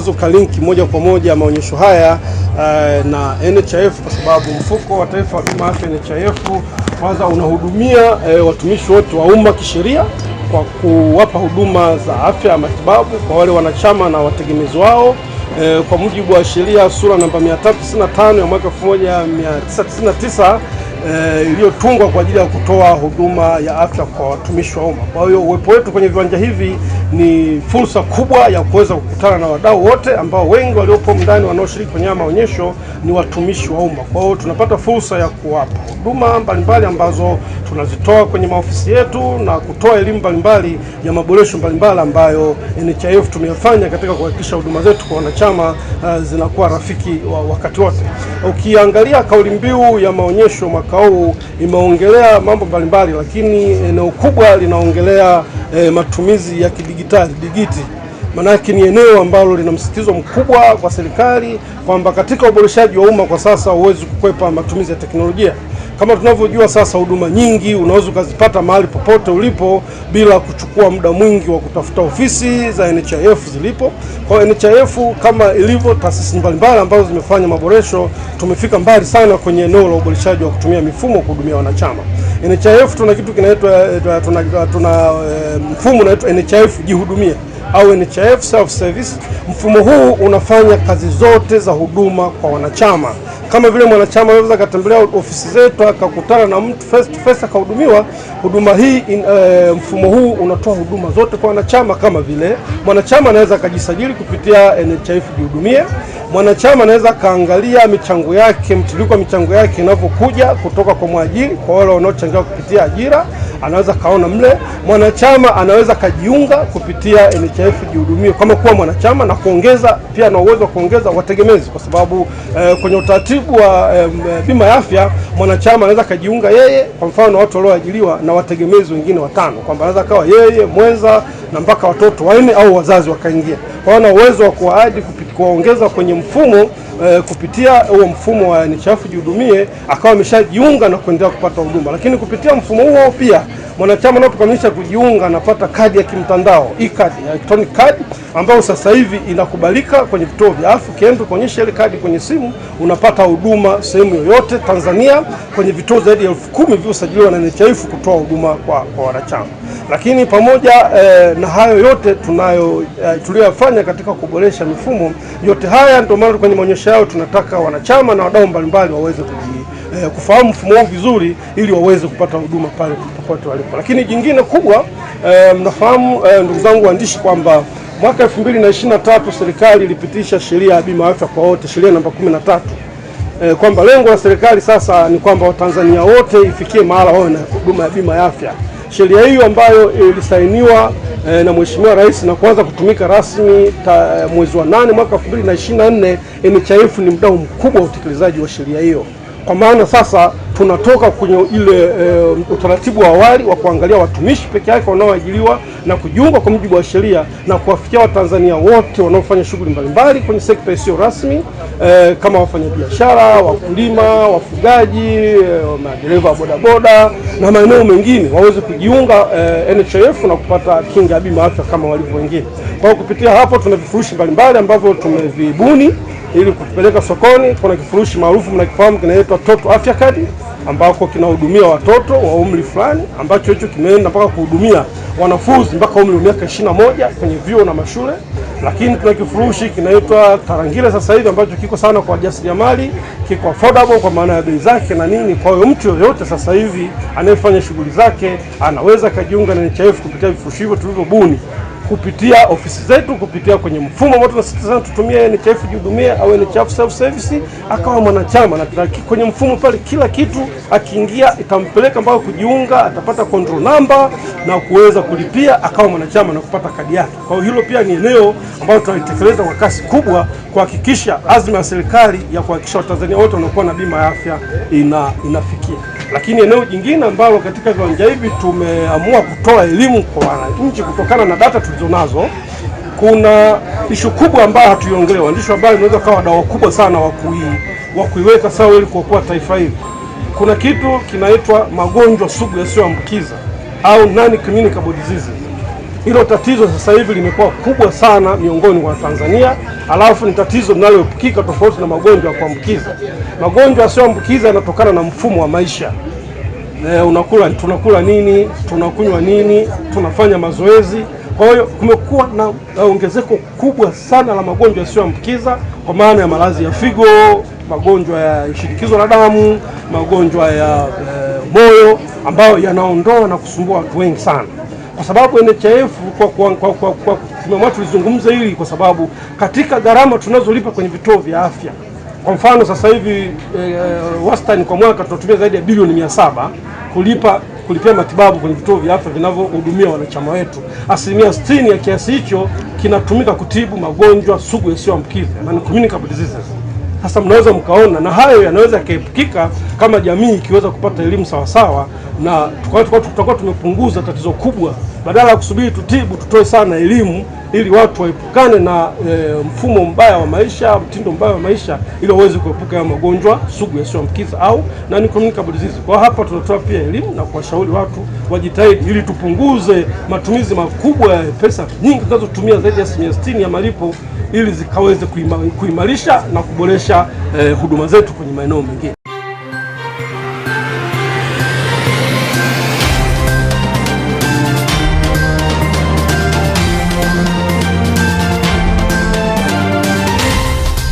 unaweza ukalinki moja kwa moja maonyesho haya uh, na NHIF kwa sababu mfuko wa taifa wa bima afya NHIF kwanza unahudumia uh, watumishi wote wa umma kisheria kwa kuwapa huduma za afya ya matibabu kwa wale wanachama na wategemezi wao e, kwa mujibu wa sheria sura namba 395 ya mwaka 1999 Eh, iliyotungwa e, kwa ajili ya kutoa huduma ya afya kwa watumishi wa umma. Kwa hiyo uwepo wetu kwenye viwanja hivi ni fursa kubwa ya kuweza kukutana na wadau wote ambao wengi waliopo ndani wanaoshiriki kwenye maonyesho ni watumishi wa umma. Kwa hiyo tunapata fursa ya kuwapa huduma mbalimbali ambazo tunazitoa kwenye maofisi yetu na kutoa elimu mbalimbali ya maboresho mbalimbali ambayo NHIF tumeyafanya katika kuhakikisha huduma zetu kwa wanachama uh, zinakuwa rafiki wa wakati wote. Ukiangalia kauli mbiu ya maonyesho mwaka huu imeongelea mambo mbalimbali, lakini eneo kubwa linaongelea e, matumizi ya kidigitali digiti maanake ni eneo ambalo lina msisitizo mkubwa kwa serikali kwamba katika uboreshaji wa umma kwa sasa huwezi kukwepa matumizi ya teknolojia. Kama tunavyojua sasa, huduma nyingi unaweza ukazipata mahali popote ulipo bila kuchukua muda mwingi wa kutafuta ofisi za NHIF zilipo. Kwa NHIF kama ilivyo taasisi mbalimbali ambazo zimefanya maboresho, tumefika mbali sana kwenye eneo la uboreshaji wa kutumia mifumo kuhudumia wanachama. NHIF tuna kitu kinaitwa tuna, tuna, tuna, tuna eh, mfumo unaitwa NHIF jihudumia au NHIF self service. Mfumo huu unafanya kazi zote za huduma kwa wanachama, kama vile mwanachama anaweza akatembelea ofisi zetu akakutana na mtu face to face akahudumiwa. Huduma hii in, uh, mfumo huu unatoa huduma zote kwa wanachama, kama vile mwanachama anaweza akajisajili kupitia NHIF jihudumie mwanachama anaweza akaangalia michango yake, mtiririko wa michango yake inavyokuja kutoka kwa mwajiri, kwa wale wanaochangia kupitia ajira anaweza kaona mle, mwanachama anaweza kajiunga kupitia NHIF jihudumie kama kuwa mwanachama na kuongeza pia na uwezo wa kuongeza wategemezi, kwa sababu eh, kwenye utaratibu wa eh, bima ya afya mwanachama anaweza kajiunga yeye, kwa mfano watu walioajiliwa na wategemezi wengine watano, kwamba anaweza kawa yeye mwenza na mpaka watoto wanne au wazazi wakaingia, kwa na uwezo wa kuwaadi kuongeza kwenye mfumo eh, kupitia huo mfumo wa nishafu Jihudumie akawa ameshajiunga na kuendelea kupata huduma, lakini kupitia mfumo huo pia mwanachama unaokamilisha kujiunga anapata kadi ya kimtandao e-card, electronic card ambayo sasa hivi inakubalika kwenye vituo vya afya. Ukienda kuonyesha ile kadi kwenye simu, unapata huduma sehemu yoyote Tanzania, kwenye vituo zaidi ya elfu kumi vilivyosajiliwa na NHIF kutoa huduma kwa, kwa wanachama. Lakini pamoja eh, na hayo yote tunayo eh, tuliyofanya katika kuboresha mifumo yote, haya ndio maana kwenye maonyesho yao tunataka wanachama na wadau mbalimbali waweze kuji eh, kufahamu mfumo wao vizuri ili waweze kupata huduma pale popote walipo. Lakini jingine kubwa eh, mnafahamu eh, ndugu zangu waandishi kwamba mwaka 2023 serikali ilipitisha sheria ya bima afya kwa wote, sheria namba 13 eh, kwamba lengo la serikali sasa ni kwamba Watanzania wote ifikie mahala wawe na huduma ya bima ya afya. Sheria hiyo ambayo ilisainiwa eh, na Mheshimiwa Rais na kuanza kutumika rasmi ta, mwezi wa nane mwaka 2024. NHIF ni mdau mkubwa wa utekelezaji wa sheria hiyo. Kwa maana sasa tunatoka kwenye ile e, utaratibu wa awali wa kuangalia watumishi peke yake wanaoajiriwa na kujiunga kwa mujibu wa sheria na kuwafikia Watanzania wote wanaofanya shughuli mbalimbali kwenye sekta isiyo rasmi e, kama wafanyabiashara, wakulima, wafugaji, e, madereva wa bodaboda na maeneo mengine waweze kujiunga e, NHIF na kupata kinga ya bima afya kama walivyo wengine. Kwa kupitia hapo tuna vifurushi mbalimbali ambavyo tumevibuni ili kupeleka sokoni. Kuna kifurushi maarufu mnakifahamu, kinaitwa Toto Afya Card ambako kinahudumia watoto wa umri fulani, ambacho hicho kimeenda mpaka kuhudumia wanafunzi mpaka umri wa miaka ishirini na moja kwenye vyuo na mashule. Lakini tuna kifurushi kinaitwa Tarangire sasa hivi ambacho kiko sana kwa wajasiriamali, kiko affordable kwa maana ya bei zake na nini. Kwa hiyo mtu yoyote sasa hivi anayefanya shughuli zake anaweza akajiunga na NHIF kupitia vifurushi hivyo tulivyobuni kupitia ofisi zetu, kupitia kwenye mfumo ambao tunasisitiza tutumie NHIF jihudumia au NHIF self service, akawa mwanachama na kwenye mfumo pale, kila kitu akiingia itampeleka mpaka kujiunga, atapata control number na kuweza kulipia, akawa mwanachama na kupata kadi yake. Kwa hiyo hilo pia ni eneo ambalo tunalitekeleza kwa kasi kubwa kuhakikisha azma ya serikali ya kuhakikisha Watanzania wote wanakuwa na bima ya afya ina, inafikia. Lakini eneo jingine ambalo katika viwanja hivi tumeamua kutoa elimu kwa wananchi kutokana na data tulizo nazo, kuna ishu kubwa ambayo hatuiongelewa. Waandishi wa habari inaweza kawa dawa kubwa sana wa kuiweka sawa ili kuokoa taifa hili. Kuna kitu kinaitwa magonjwa sugu yasiyoambukiza au non communicable diseases. Hilo tatizo sasa hivi limekuwa kubwa sana miongoni mwa Tanzania, alafu ni tatizo linaloepukika tofauti na magonjwa ya kuambukiza. Magonjwa yasiyoambukiza yanatokana na mfumo wa maisha e, unakula tunakula nini, tunakunywa nini, tunafanya mazoezi kwa hiyo kumekuwa na ongezeko kubwa sana la magonjwa yasiyoambukiza kwa maana ya maradhi ya figo, magonjwa ya shinikizo la damu, magonjwa ya eh, moyo ambayo yanaondoa na kusumbua watu wengi sana kwa sababu NHIF kwa kwa kwa kwa, kwa, tulizungumza hili kwa sababu katika gharama tunazolipa kwenye vituo vya afya kwa mfano sasa hivi e, wastani kwa mwaka tunatumia zaidi ya bilioni mia saba kulipa kulipia matibabu kwenye vituo vya afya vinavyohudumia wanachama wetu. Asilimia 60 ya kiasi hicho kinatumika kutibu magonjwa sugu yasiyoambukiza, yani communicable diseases. Sasa mnaweza mkaona, na hayo yanaweza yakaepukika kama jamii ikiweza kupata elimu sawasawa, na tukawa tutakuwa tumepunguza tatizo kubwa badala ya kusubiri tutibu, tutoe sana elimu ili watu waepukane na e, mfumo mbaya wa maisha, mtindo mbaya wa maisha, ili waweze kuepuka ya magonjwa sugu yasiyoambukiza au non-communicable disease. Kwa hapa tunatoa pia elimu na kuwashauri watu wajitahidi, ili tupunguze matumizi makubwa ya pesa nyingi zinazotumia zaidi ya asilimia sitini ya malipo, ili zikaweze kuima, kuimarisha na kuboresha e, huduma zetu kwenye maeneo mengine.